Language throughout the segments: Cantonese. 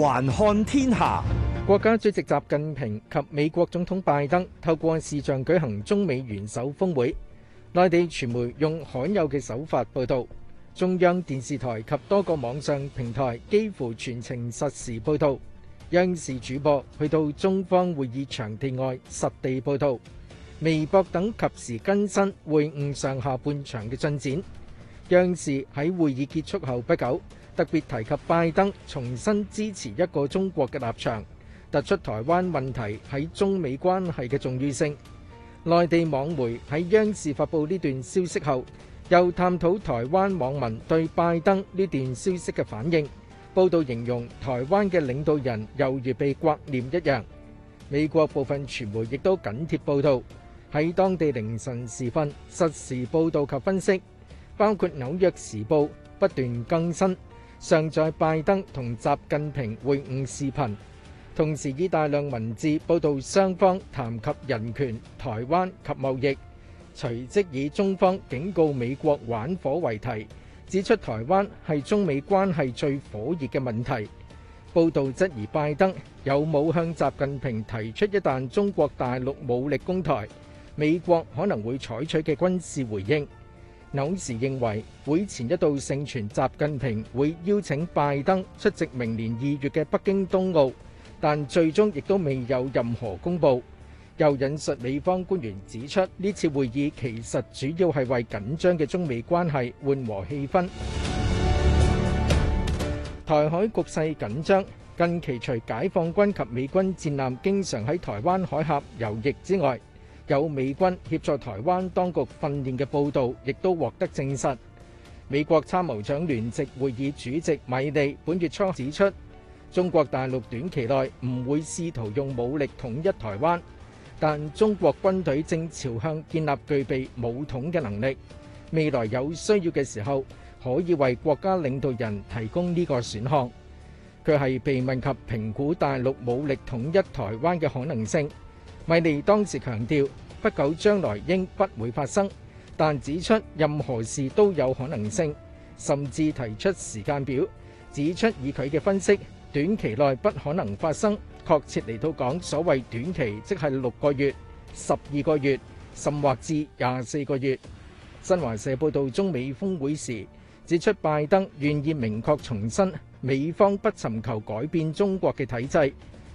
環看天下，國家主席習近平及美國總統拜登透過視像舉行中美元首峰會。內地傳媒用罕有嘅手法報道，中央電視台及多個網上平台幾乎全程實時報道。央視主播去到中方會議場地外實地報道，微博等及時更新會晤上下半場嘅進展。央視喺會議結束後不久，特別提及拜登重新支持一個中國嘅立場，突出台灣問題喺中美關係嘅重要性。內地網媒喺央視發布呢段消息後，又探討台灣網民對拜登呢段消息嘅反應。報道形容台灣嘅領導人猶如被摑臉一樣。美國部分傳媒亦都緊貼報道，喺當地凌晨時分實時報導及分析，包括紐約時報不斷更新。上載拜登同習近平會晤視頻，同時以大量文字報導雙方談及人權、台灣及貿易，隨即以中方警告美國玩火為題，指出台灣係中美關係最火熱嘅問題。報導質疑拜登有冇向習近平提出一旦中國大陸武力攻台，美國可能會採取嘅軍事回應。紐時認為會前一度盛傳習近平會邀請拜登出席明年二月嘅北京冬奧，但最終亦都未有任何公佈。又引述美方官員指出，呢次會議其實主要係為緊張嘅中美關係緩和氣氛。台海局勢緊張，近期除解放軍及美軍戰艦經常喺台灣海峽遊弋之外，有美軍協助台灣當局訓練嘅報導，亦都獲得證實。美國參謀長聯席會議主席米利本月初指出，中國大陸短期內唔會試圖用武力統一台灣，但中國軍隊正朝向建立具備武統嘅能力。未來有需要嘅時候，可以為國家領導人提供呢個選項。佢係被問及評估大陸武力統一台灣嘅可能性。米利當時強調，不久將來應不會發生，但指出任何事都有可能性，甚至提出時間表，指出以佢嘅分析，短期內不可能發生。確切嚟到講，所謂短期，即係六個月、十二個月，甚或至廿四個月。新華社報道，中美峰會時指出，拜登願意明確重申，美方不尋求改變中國嘅體制。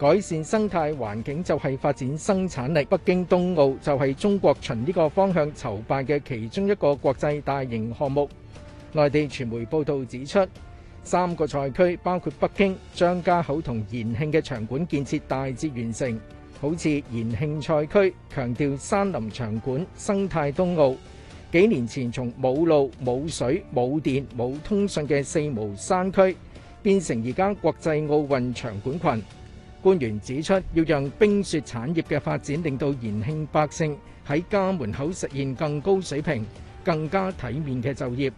改善生態環境就係發展生產力。北京冬奧就係中國循呢個方向籌辦嘅其中一個國際大型項目。內地傳媒報道指出，三個賽區包括北京、張家口同延慶嘅場館建設大致完成。好似延慶賽區，強調山林場館生態冬奧。幾年前從冇路冇水冇電冇通訊嘅四無山區，變成而家國際奧運場館群。官員指出，要讓冰雪產業嘅發展令到延慶百姓喺家門口實現更高水平、更加體面嘅就業，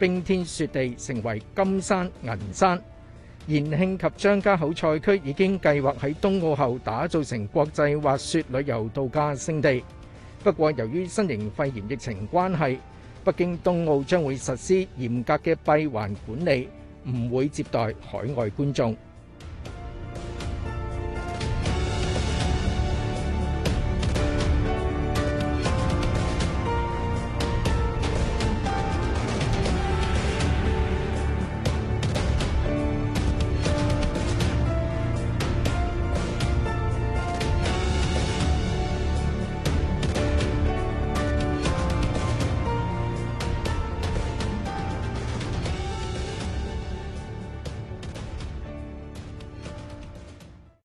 冰天雪地成為金山銀山。延慶及張家口賽區已經計劃喺冬奧後打造成國際滑雪旅遊度假勝地。不過，由於新型肺炎疫情關係，北京冬奧將會實施嚴格嘅閉環管理，唔會接待海外觀眾。